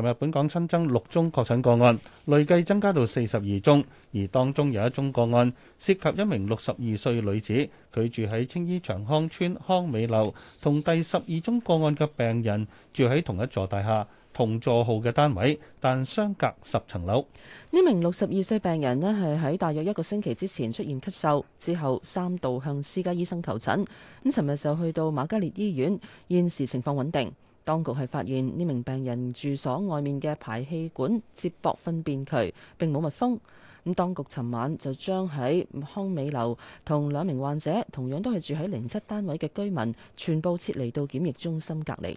琴日，本港新增六宗確診個案，累計增加到四十二宗。而當中有一宗個案涉及一名六十二歲女子，佢住喺青衣長康邨康美樓，同第十二宗個案嘅病人住喺同一座大廈、同座號嘅單位，但相隔十層樓。呢名六十二歲病人呢，係喺大約一個星期之前出現咳嗽，之後三度向私家醫生求診。咁，尋日就去到瑪嘉烈醫院，現時情況穩定。當局係發現呢名病人住所外面嘅排氣管接駁糞便渠並冇密封，咁當局尋晚就將喺康美樓同兩名患者同樣都係住喺零七單位嘅居民，全部撤離到檢疫中心隔離。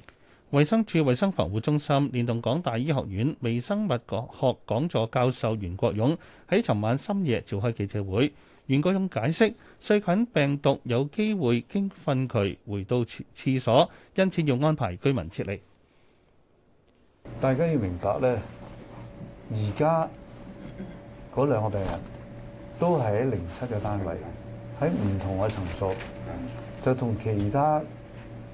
衛生署衞生防護中心連同港大醫學院微生物學講座教授袁國勇喺尋晚深夜召開記者會。袁國勇解釋：細菌病毒有機會經糞渠回到廁廁所，因此要安排居民撤離。大家要明白咧，而家嗰兩個病人都係喺零七嘅單位，喺唔同嘅層數，就同其他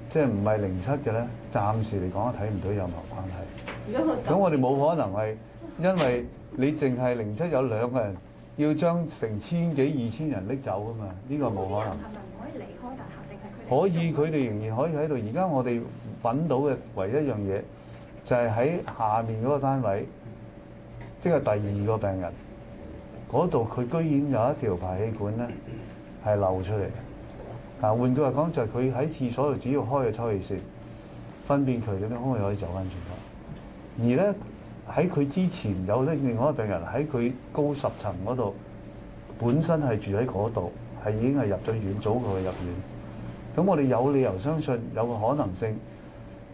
即係唔係零七嘅咧，暫時嚟講都睇唔到任何關係。咁我哋冇可能係，因為你淨係零七有兩個人。要將成千幾二千人拎走㗎嘛，呢個冇可能。可以離開？但係佢，可以，佢哋仍然可以喺度。而家我哋揾到嘅唯一一樣嘢，就係喺下面嗰個單位，即係第二個病人，嗰度佢居然有一條排氣管咧係漏出嚟。嗱，換句話講，就係佢喺廁所度，只要開個抽氣扇，分辨佢嗰啲空氣可以走翻出嚟。而咧。喺佢之前有啲另外一個病人喺佢高十層嗰度，本身係住喺嗰度，係已經係入咗院，早佢入院。咁我哋有理由相信有個可能性，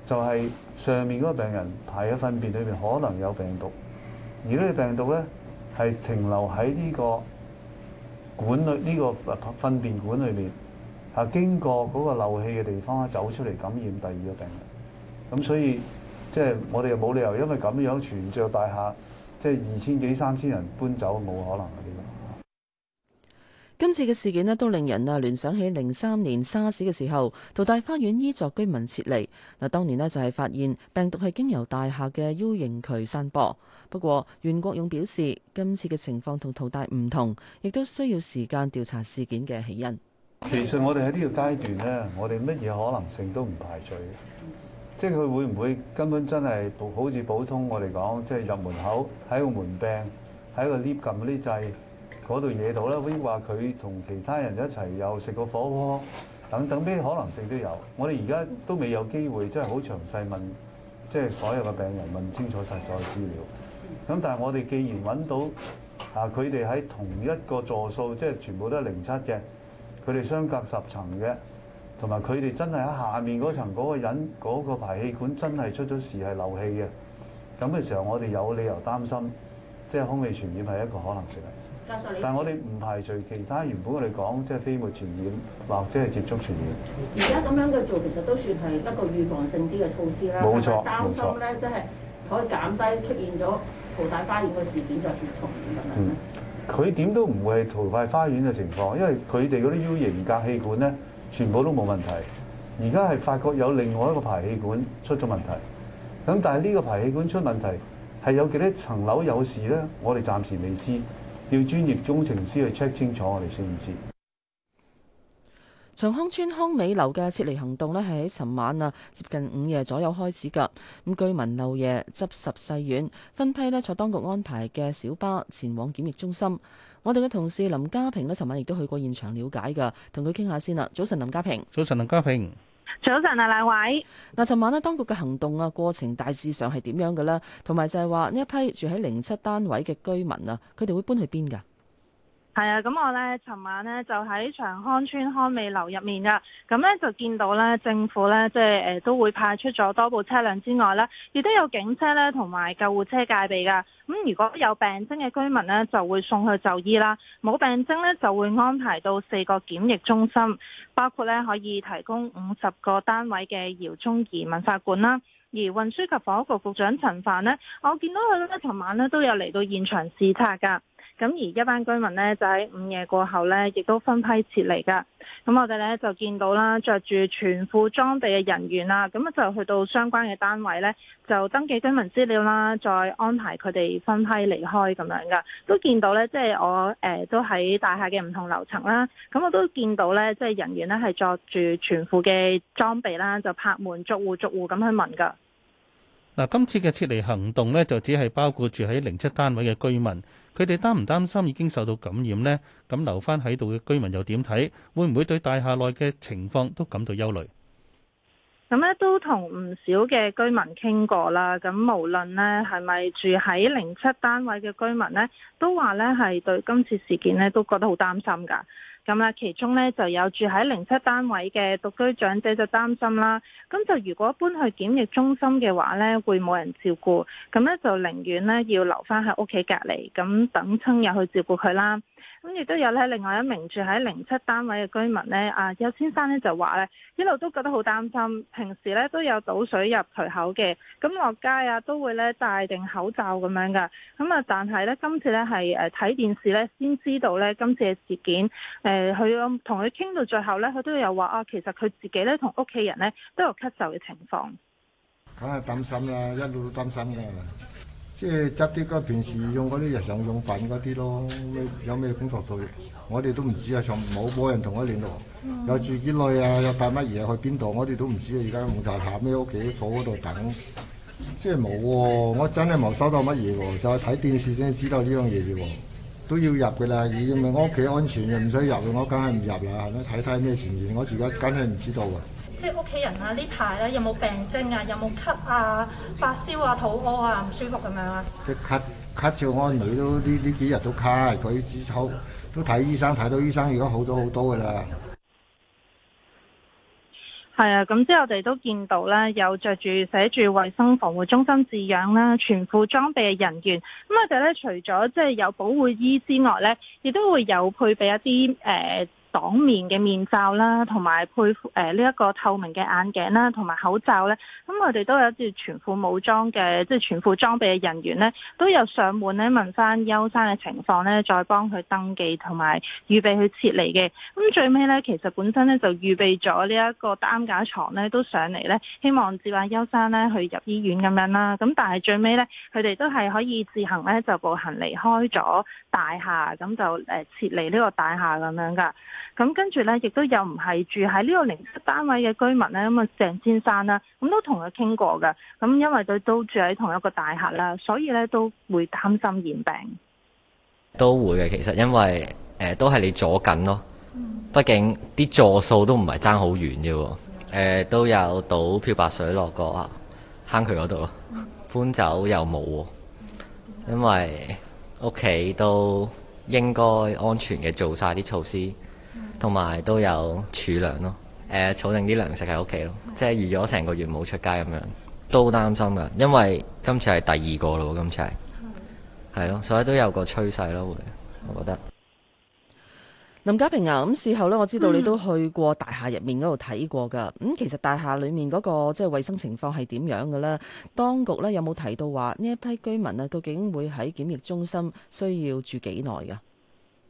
就係上面嗰個病人排喺糞便裏邊可能有病毒，而呢個病毒咧係停留喺呢個管裏，呢個糞便管裏邊，啊經過嗰個漏氣嘅地方咧走出嚟感染第二個病人。咁所以即係我哋又冇理由，因為咁樣全座大廈即係二千幾三千人搬走，冇可能啲。今次嘅事件咧，都令人啊聯想起零三年沙士嘅時候，淘大花園 E 座居民撤離。嗱，當年呢，就係發現病毒係經由大廈嘅 U 型渠散播。不過袁國勇表示，今次嘅情況同淘大唔同，亦都需要時間調查事件嘅起因。其實我哋喺呢個階段呢，我哋乜嘢可能性都唔排除。即係佢會唔會根本真係好似普通我哋講，即係入門口喺個門柄、喺個 lift 撳嗰啲掣度惹到咧？或者話佢同其他人一齊又食過火鍋等等啲可能性都有。我哋而家都未有機會即係好詳細問，即係所有嘅病人問清楚曬所有資料。咁但係我哋既然揾到啊，佢哋喺同一個座數，即係全部都係零七嘅，佢哋相隔十層嘅。同埋佢哋真係喺下面嗰層嗰個人嗰個排氣管真係出咗事，係漏氣嘅咁嘅時候，我哋有理由擔心，即係空氣傳染係一個可能性嚟。但係我哋唔排除其他原本我哋講，即係飛沫傳染或者係接觸傳染。而家咁樣嘅做其實都算係一個預防性啲嘅措施啦。冇錯，擔心咧，即係可以減低出現咗淘大花園嘅事件再次重現嘅。佢點、嗯、都唔會係淘大花園嘅情況，因為佢哋嗰啲 U 型隔氣管咧。全部都冇問題，而家係發覺有另外一個排氣管出咗問題。咁但係呢個排氣管出問題係有幾多層樓有事呢？我哋暫時未知，要專業工程師去 check 清楚我，我哋先知。長康邨康美樓嘅撤離行動咧，係喺尋晚啊，接近午夜左右開始㗎。咁居民漏夜執拾細軟，分批咧坐當局安排嘅小巴前往檢疫中心。我哋嘅同事林家萍呢，尋晚亦都去過現場了解噶，同佢傾下先啦。早晨，林家萍。早晨，林家萍。早晨啊，兩位。嗱，尋晚呢，當局嘅行動啊，過程大致上係點樣嘅呢？同埋就係話呢一批住喺零七單位嘅居民啊，佢哋會搬去邊噶？係啊，咁我咧，尋晚咧就喺長康邨康美樓入面噶，咁咧就見到咧，政府咧即係誒都會派出咗多部車輛之外咧，亦都有警車咧同埋救護車戒備噶。咁如果有病徵嘅居民咧，就會送去就醫啦；冇病徵咧，就會安排到四個檢疫中心，包括咧可以提供五十個單位嘅饒宗頤文化館啦。而運輸及房屋局局長陳帆呢，我見到佢咧，尋晚咧都有嚟到現場視察噶。咁而一班居民呢，就喺午夜過後呢，亦都分批撤離噶。咁我哋呢，就見到啦，着住全副裝備嘅人員啦，咁啊就去到相關嘅單位呢，就登記居民資料啦，再安排佢哋分批離開咁樣噶。都見到呢，即係我誒、呃、都喺大廈嘅唔同樓層啦。咁我都見到呢，即係人員呢，係着住全副嘅裝備啦，就拍門逐戶逐戶咁去問噶。嗱，今次嘅撤離行動呢，就只係包括住喺零七單位嘅居民。佢哋擔唔擔心已經受到感染呢？咁留翻喺度嘅居民又點睇？會唔會對大廈內嘅情況都感到憂慮？咁咧都同唔少嘅居民傾過啦。咁無論呢係咪住喺零七單位嘅居民呢，都話呢係對今次事件呢都覺得好擔心噶。咁啊，其中咧就有住喺零七單位嘅獨居長者就擔心啦。咁就如果搬去檢疫中心嘅話咧，會冇人照顧，咁咧就寧願咧要留翻喺屋企隔離，咁等親人去照顧佢啦。咁亦都有咧，另外一名住喺零七單位嘅居民咧，啊邱先生咧就話咧，一路都覺得好擔心，平時咧都有倒水入渠口嘅，咁落街啊都會咧戴定口罩咁樣噶。咁啊，但係咧今次咧係誒睇電視咧先知道咧今次嘅事件，呃誒，佢同佢傾到最後咧，佢都有話啊，其實佢自己咧同屋企人咧都有咳嗽嘅情況。梗係擔心啦，啊，一路都擔心嘅，啊，即係執啲個平時用嗰啲日常用品嗰啲咯。有咩工作做我哋都唔知啊，從冇冇人同我聯絡，嗯，有住幾耐啊，有帶乜嘢去邊度，我哋都唔知啊。而家紅茶茶咩屋企坐度等，即係冇喎，我真係冇收到乜嘢喎，就睇、是、電視先知道呢樣嘢嘅喎。都要入嘅啦，如果唔係我屋企安全又唔使入嘅。我梗係唔入啦。睇睇咩傳染，我而家梗係唔知道啊！即係屋企人啊，呢排咧有冇病症啊？有冇咳啊、發燒啊、肚屙啊、唔舒服咁樣啊？即咳，咳照安女都呢呢幾日都咳，佢之後都睇醫生，睇到醫生而家好咗好多嘅啦。係啊，咁即係我哋都見到啦，有着住寫住衛生防護中心字樣啦，全副裝備嘅人員。咁我哋咧除咗即係有保護衣之外咧，亦都會有配備一啲誒。呃擋面嘅面罩啦，同埋配誒呢一個透明嘅眼鏡啦，同埋口罩咧，咁我哋都有啲全副武裝嘅，即係全副裝備嘅人員咧，都有上門咧問翻邱生嘅情況咧，再幫佢登記同埋預備去撤離嘅。咁、嗯、最尾咧，其實本身咧就預備咗呢一個擔架床咧，都上嚟咧，希望接翻邱生咧去入醫院咁樣啦。咁但係最尾咧，佢哋都係可以自行咧就步行離開咗大廈，咁就誒撤離呢個大廈咁樣噶。咁跟住咧，亦都有唔係住喺呢個零室單位嘅居民咧，咁、嗯、啊鄭先生啦，咁都同佢傾過嘅。咁、嗯、因為佢都住喺同一個大廈啦，所以咧都會擔心染病。都會嘅，其實因為誒、呃、都係你阻緊咯，畢竟啲座數都唔係爭好遠嘅喎。誒、都有倒漂白水落過坑渠嗰度，搬走又冇喎。因為屋企都應該安全嘅，做晒啲措施。同埋都有儲糧咯，誒、呃，儲定啲糧食喺屋企咯，即係預咗成個月冇出街咁樣，都擔心噶，因為今次係第二個啦，今次係係、嗯、咯，所以都有個趨勢咯，我覺得。林家萍啊，咁、嗯、事後呢，我知道你都去過大廈入面嗰度睇過噶，咁、嗯嗯、其實大廈裏面嗰、那個即係衛生情況係點樣噶咧？當局呢，有冇提到話呢一批居民啊，究竟會喺檢疫中心需要住幾耐噶？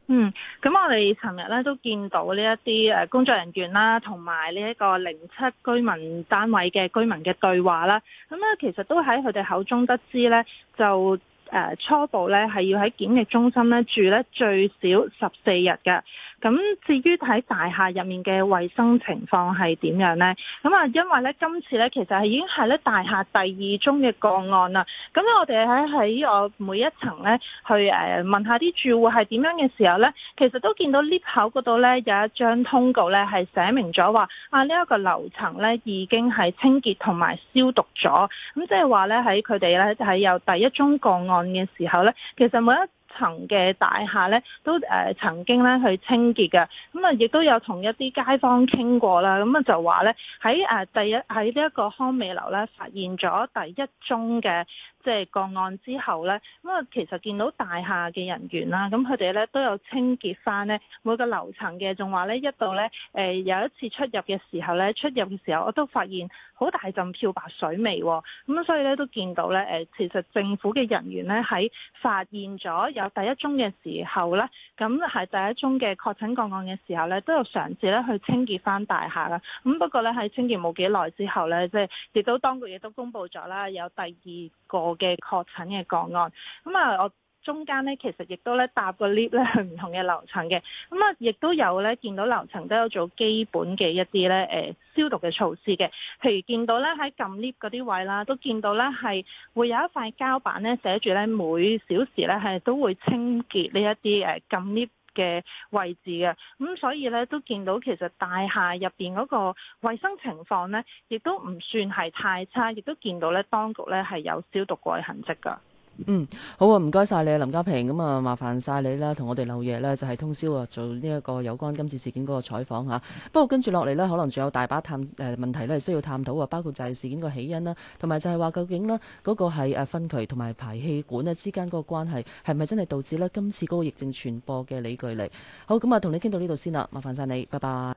嗯，咁我哋尋日咧都見到呢一啲誒工作人員啦，同埋呢一個零七居民單位嘅居民嘅對話啦，咁、嗯、咧其實都喺佢哋口中得知咧就。誒、呃、初步咧係要喺檢疫中心咧住咧最少十四日嘅，咁、嗯、至於喺大廈入面嘅衞生情況係點樣呢？咁、嗯、啊，因為咧今次咧其實係已經係咧大廈第二宗嘅個案啦。咁、嗯、我哋喺喺我每一層咧去誒、呃、問下啲住戶係點樣嘅時候咧，其實都見到 lift 口嗰度咧有一張通告咧係寫明咗話啊，這個、樓層呢一個樓層咧已經係清潔同埋消毒咗，咁、嗯、即係話咧喺佢哋咧係有第一宗個案。嘅時候咧，其實每一層嘅大廈咧，都誒、呃、曾經咧去清潔嘅，咁啊，亦都有同一啲街坊傾過啦，咁啊就話咧喺誒第一喺呢一個康美樓咧，發現咗第一宗嘅。即係個案之後咧，咁啊其實見到大廈嘅人員啦，咁佢哋咧都有清潔翻咧每個樓層嘅，仲話咧一度咧誒有一次出入嘅時候咧，出入嘅時候我都發現好大陣漂白水味喎，咁所以咧都見到咧誒其實政府嘅人員咧喺發現咗有第一宗嘅時候咧，咁係第一宗嘅確診個案嘅時候咧，都有嘗試咧去清潔翻大廈啦。咁不過咧喺清潔冇幾耐之後咧，即係亦都當局亦都公布咗啦，有第二個嘅確診嘅個案，咁啊，我中間呢其實亦都咧搭個 lift 咧去唔同嘅樓層嘅，咁啊，亦都有咧見到樓層都有做基本嘅一啲咧誒消毒嘅措施嘅，譬如見到咧喺撳 lift 嗰啲位啦，都見到咧係會有一塊膠板咧寫住咧每小時咧係都會清潔呢一啲誒撳 lift。呃嘅位置嘅，咁、嗯、所以呢，都見到其實大廈入邊嗰個衛生情況呢，亦都唔算係太差，亦都見到呢當局呢，係有消毒過嘅痕跡噶。嗯，好啊，唔該晒你啊，林家萍，咁啊麻煩晒你啦，同我哋漏夜啦，就係通宵啊做呢一個有關今次事件嗰個採訪吓。不過跟住落嚟咧，可能仲有大把探誒、呃、問題咧，需要探討啊，包括就係事件個起因啦，同埋就係話究竟咧嗰個係誒糞渠同埋排氣管咧之間個關係，係咪真係導致咧今次嗰個疫症傳播嘅理據嚟？好，咁啊同你傾到呢度先啦，麻煩晒你，拜拜。